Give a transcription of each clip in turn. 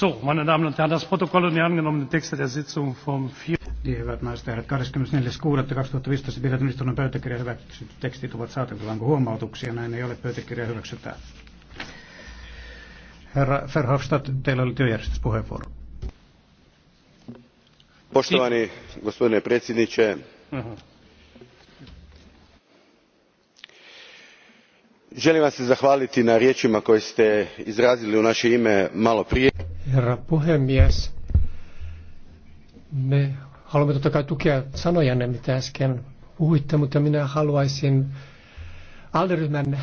So, meine Damen und Herren, das Protokoll und die angenommenen Texte der Sitzung vom 4. Niin, hyvät naiset ja herrat, 24.6.2015 pidetyn istunnon pöytäkirja hyväksytyt tekstit ovat saatavilla. Onko huomautuksia? Näin ei ole. Pöytäkirja hyväksytään. Herra Verhofstadt, teillä oli työjärjestyspuheenvuoro. Poštovani gospodine predsjedniče, mhm. želim vam se zahvaliti na riječima koje ste izrazili u naše ime maloprije herra puhemies. Me haluamme totta kai tukea sanojanne, mitä äsken puhuitte, mutta minä haluaisin alderyhmän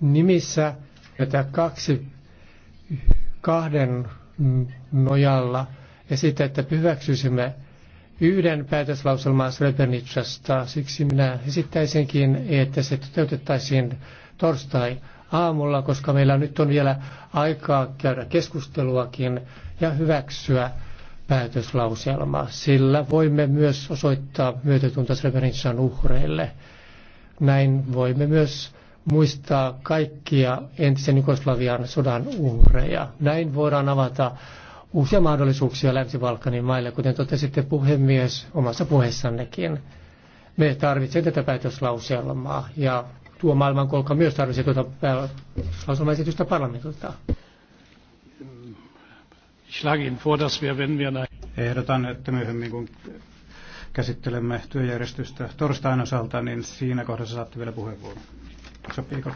nimissä tätä kaksi kahden nojalla esittää, että hyväksyisimme yhden päätöslauselman Srebrenicasta. Siksi minä esittäisinkin, että se toteutettaisiin torstai aamulla, koska meillä nyt on vielä aikaa käydä keskusteluakin ja hyväksyä päätöslauselma. Sillä voimme myös osoittaa myötätunta Srebrenican uhreille. Näin voimme myös muistaa kaikkia entisen Jugoslavian sodan uhreja. Näin voidaan avata uusia mahdollisuuksia Länsi-Balkanin maille, kuten totesitte puhemies omassa puheessannekin. Me tarvitsemme tätä päätöslauselmaa ja tuo maailmankolka myös tarvitsee tuota lausumaesitystä parlamentilta. Ehdotan, että myöhemmin kun käsittelemme työjärjestystä torstain osalta, niin siinä kohdassa saatte vielä puheenvuoron. Sopiiko?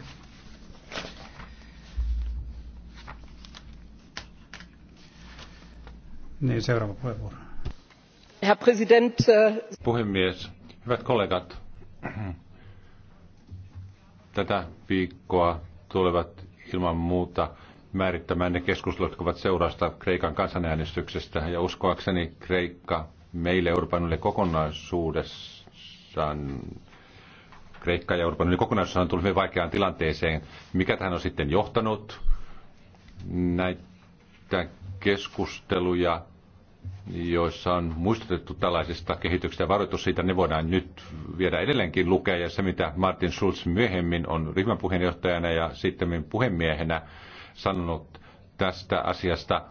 Niin, seuraava puheenvuoro. Herr Präsident. Äh, Puhemies, hyvät kollegat tätä viikkoa tulevat ilman muuta määrittämään ne keskustelut, jotka ovat seurausta Kreikan kansanäänestyksestä. Ja uskoakseni Kreikka meille Euroopan unionille kokonaisuudessaan Kreikka ja Euroopan unioni kokonaisuudessaan on tullut hyvin vaikeaan tilanteeseen. Mikä tähän on sitten johtanut? Näitä keskusteluja joissa on muistutettu tällaisista kehityksistä ja varoitus siitä, ne voidaan nyt viedä edelleenkin lukea. Ja se, mitä Martin Schulz myöhemmin on ryhmäpuheenjohtajana ja sitten puhemiehenä sanonut tästä asiasta,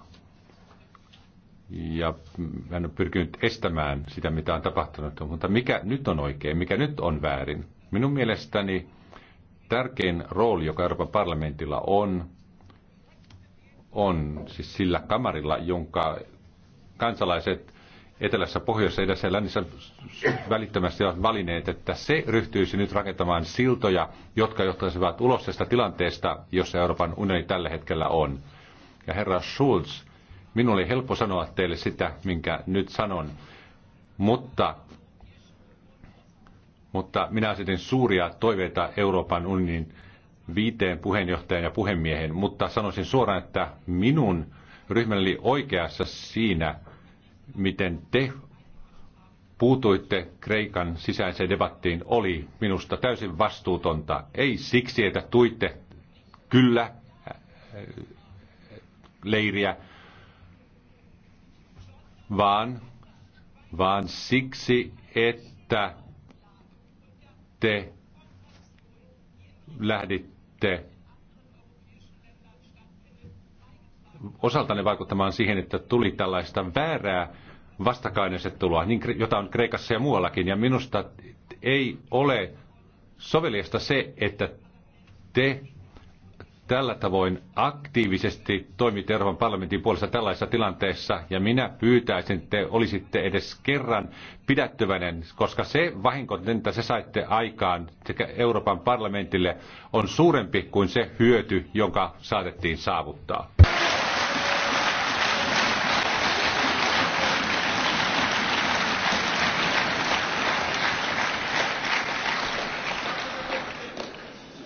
ja hän on pyrkinyt estämään sitä, mitä on tapahtunut. Mutta mikä nyt on oikein, mikä nyt on väärin? Minun mielestäni tärkein rooli, joka Euroopan parlamentilla on, on siis sillä kamarilla, jonka kansalaiset etelässä, pohjoisessa, edessä ja lännissä välittömästi ovat valineet, että se ryhtyisi nyt rakentamaan siltoja, jotka johtaisivat ulos tästä tilanteesta, jossa Euroopan unioni tällä hetkellä on. Ja herra Schulz, minulle oli helppo sanoa teille sitä, minkä nyt sanon, mutta, mutta minä asetin suuria toiveita Euroopan unionin viiteen puheenjohtajan ja puhemiehen, mutta sanoisin suoraan, että minun ryhmäni oli oikeassa siinä, miten te puutuitte Kreikan sisäiseen debattiin, oli minusta täysin vastuutonta. Ei siksi, että tuitte kyllä äh, leiriä, vaan, vaan siksi, että te lähditte osaltanne vaikuttamaan siihen, että tuli tällaista väärää vastakkainasettelua, niin jota on Kreikassa ja muuallakin. Ja minusta ei ole soveliasta se, että te tällä tavoin aktiivisesti toimitte Euroopan parlamentin puolesta tällaisessa tilanteessa, ja minä pyytäisin, että te olisitte edes kerran pidättyväinen, koska se vahinko, mitä se saitte aikaan sekä Euroopan parlamentille, on suurempi kuin se hyöty, jonka saatettiin saavuttaa.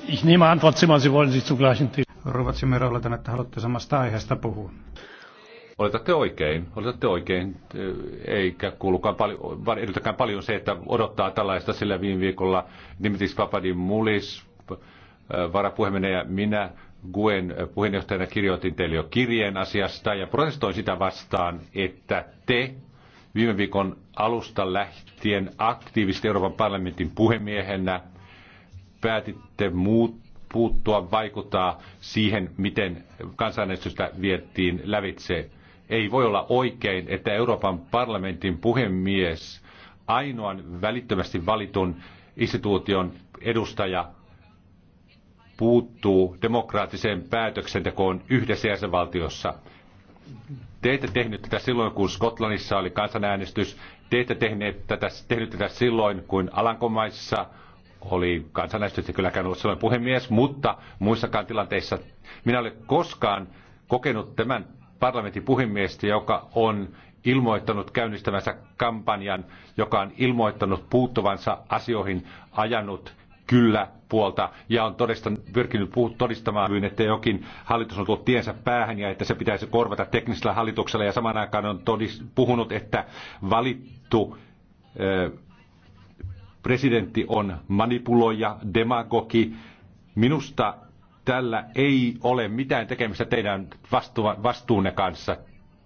Ich nehme an, Frau Zimmer, Sie wollen sich gleichen Rouva Zimmer, oletan, että haluatte samasta aiheesta puhua. Oletatte oikein, oletatte oikein, eikä kuulukaan paljon, paljon se, että odottaa tällaista, sillä viime viikolla Dimitris Mulis äh, varapuheminen ja minä Guen äh, puheenjohtajana kirjoitin teille jo kirjeen asiasta ja protestoin sitä vastaan, että te viime viikon alusta lähtien aktiivisesti Euroopan parlamentin puhemiehenä päätitte muut, puuttua, vaikuttaa siihen, miten kansanäänestystä viettiin lävitse. Ei voi olla oikein, että Euroopan parlamentin puhemies, ainoan välittömästi valitun instituution edustaja, puuttuu demokraattiseen päätöksentekoon yhdessä jäsenvaltiossa. Te ette tehnyt tätä silloin, kun Skotlannissa oli kansanäänestys. Te ette tehneet tätä, tehnyt tätä silloin, kun Alankomaissa – oli kansanäänestystä kylläkään ollut silloin puhemies, mutta muissakaan tilanteissa minä olen koskaan kokenut tämän parlamentin puhemiestä, joka on ilmoittanut käynnistämänsä kampanjan, joka on ilmoittanut puuttuvansa asioihin, ajanut kyllä puolta ja on todistan, pyrkinyt todistamaan, että jokin hallitus on tullut tiensä päähän ja että se pitäisi korvata teknisellä hallituksella ja samaan aikaan on todist, puhunut, että valittu ö, presidentti on manipuloija, demagogi. Minusta tällä ei ole mitään tekemistä teidän vastu- vastuunne kanssa.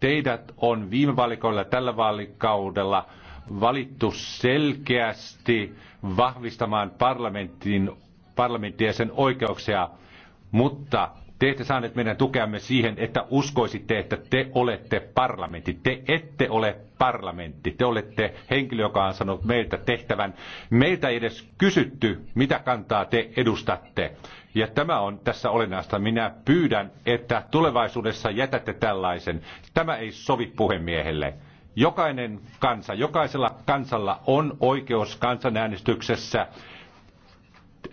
Teidät on viime vaalikaudella tällä vaalikaudella valittu selkeästi vahvistamaan parlamentin, parlamenttia ja sen oikeuksia, mutta te ette saaneet meidän tukeamme siihen, että uskoisitte, että te olette parlamentti. Te ette ole parlamentti. Te olette henkilö, joka on sanonut meiltä tehtävän. Meiltä ei edes kysytty, mitä kantaa te edustatte. Ja tämä on tässä olennaista. Minä pyydän, että tulevaisuudessa jätätte tällaisen. Tämä ei sovi puhemiehelle. Jokainen kansa, jokaisella kansalla on oikeus kansanäänestyksessä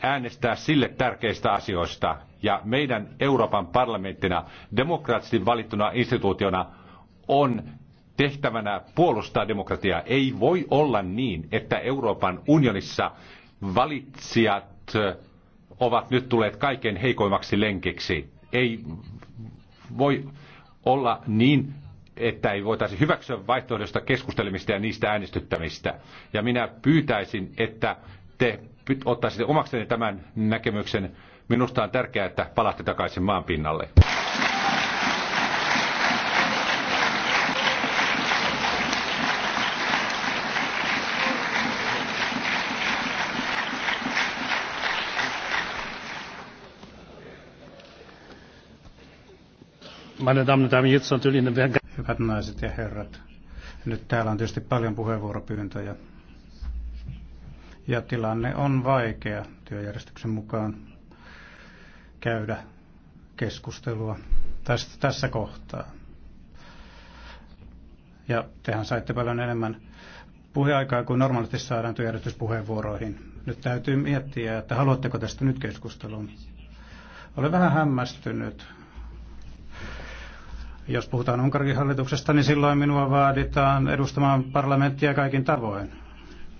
äänestää sille tärkeistä asioista. Ja meidän Euroopan parlamenttina, demokraattisesti valittuna instituutiona, on tehtävänä puolustaa demokratiaa. Ei voi olla niin, että Euroopan unionissa valitsijat ovat nyt tulleet kaikkein heikoimmaksi lenkiksi. Ei voi olla niin, että ei voitaisi hyväksyä vaihtoehdosta keskustelemista ja niistä äänestyttämistä. Ja minä pyytäisin, että te ottaisitte omaksenne tämän näkemyksen. Minusta on tärkeää, että palaatte takaisin maan pinnalle. Hyvät naiset ja herrat, nyt täällä on tietysti paljon puheenvuoropyyntöjä ja tilanne on vaikea työjärjestyksen mukaan käydä keskustelua tästä, tässä kohtaa. Ja tehän saitte paljon enemmän puheaikaa kuin normaalisti saadaan työjärjestyspuheenvuoroihin. Nyt täytyy miettiä, että haluatteko tästä nyt keskustelun. Olen vähän hämmästynyt. Jos puhutaan Unkarin hallituksesta, niin silloin minua vaaditaan edustamaan parlamenttia kaikin tavoin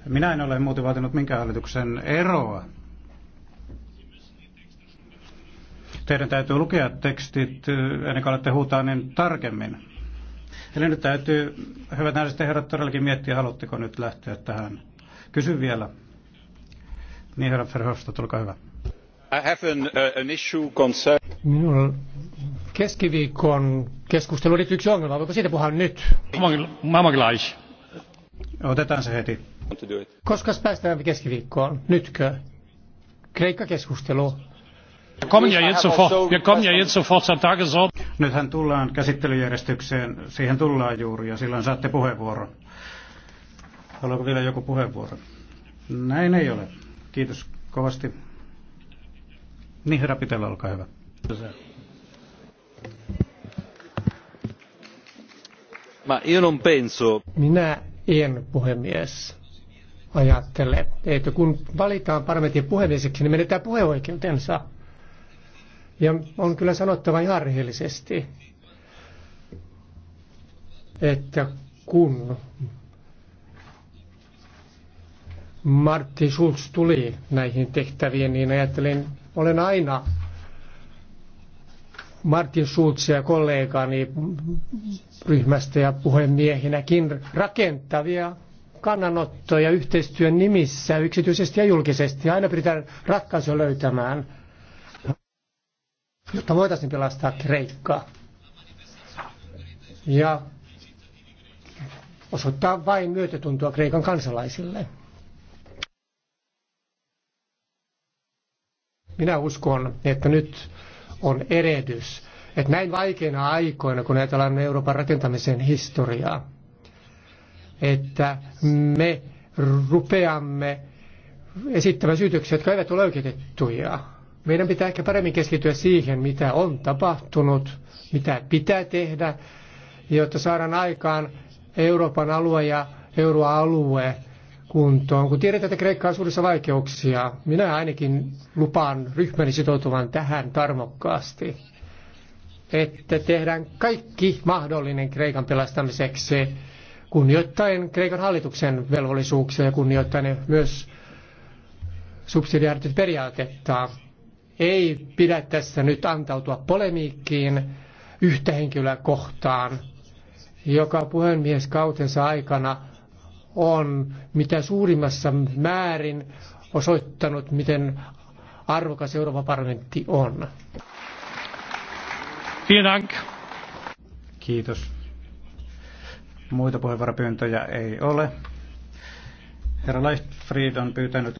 minä en ole muuten vaatinut minkään hallituksen eroa. Teidän täytyy lukea tekstit eh, ennen kuin olette huutaa niin tarkemmin. Eli nyt täytyy, hyvät naiset ja herrat, todellakin miettiä, haluatteko nyt lähteä tähän. Kysy vielä. Niin, herra Verhofstadt, olkaa hyvä. I have an, uh, an issue concern... Minulla keskiviikon keskustelu oli yksi ongelma. Voiko siitä puhua nyt? Otetaan se heti. Koska päästään keskiviikkoon? Nytkö? Kreikka-keskustelu. Nythän tullaan käsittelyjärjestykseen, siihen tullaan juuri ja silloin saatte puheenvuoron. Haluaako vielä joku puheenvuoro? Näin ei ole. Kiitos kovasti. Niin, herra Pitellä, olkaa hyvä. Minä en, puhemies ajattele, että kun valitaan parlamentin puhemieseksi, niin menetään puheoikeutensa. Ja on kyllä sanottava ihan rehellisesti, että kun Martti Schulz tuli näihin tehtäviin, niin ajattelin, olen aina Martin ja kollegani ryhmästä ja puhemiehinäkin rakentavia kannanottoja yhteistyön nimissä yksityisesti ja julkisesti. Aina pyritään ratkaisuja löytämään, jotta voitaisiin pelastaa Kreikkaa. Ja osoittaa vain myötätuntoa Kreikan kansalaisille. Minä uskon, että nyt on eredys, että näin vaikeina aikoina, kun ajatellaan Euroopan rakentamisen historiaa, että me rupeamme esittämään syytöksiä, jotka eivät ole oikeutettuja. Meidän pitää ehkä paremmin keskittyä siihen, mitä on tapahtunut, mitä pitää tehdä, jotta saadaan aikaan Euroopan alue ja euroalue kuntoon. Kun tiedetään, että Kreikka on suurissa vaikeuksia, minä ainakin lupaan ryhmäni sitoutuvan tähän tarmokkaasti, että tehdään kaikki mahdollinen Kreikan pelastamiseksi kunnioittaen Kreikan hallituksen velvollisuuksia ja kunnioittaen myös subsidiariteettiperiaatetta. Ei pidä tässä nyt antautua polemiikkiin yhtä henkilöä kohtaan, joka puhemies kautensa aikana on mitä suurimmassa määrin osoittanut, miten arvokas Euroopan parlamentti on. Vielen Kiitos. Muita puheenvuoropyyntöjä ei ole. Herra Leifried on pyytänyt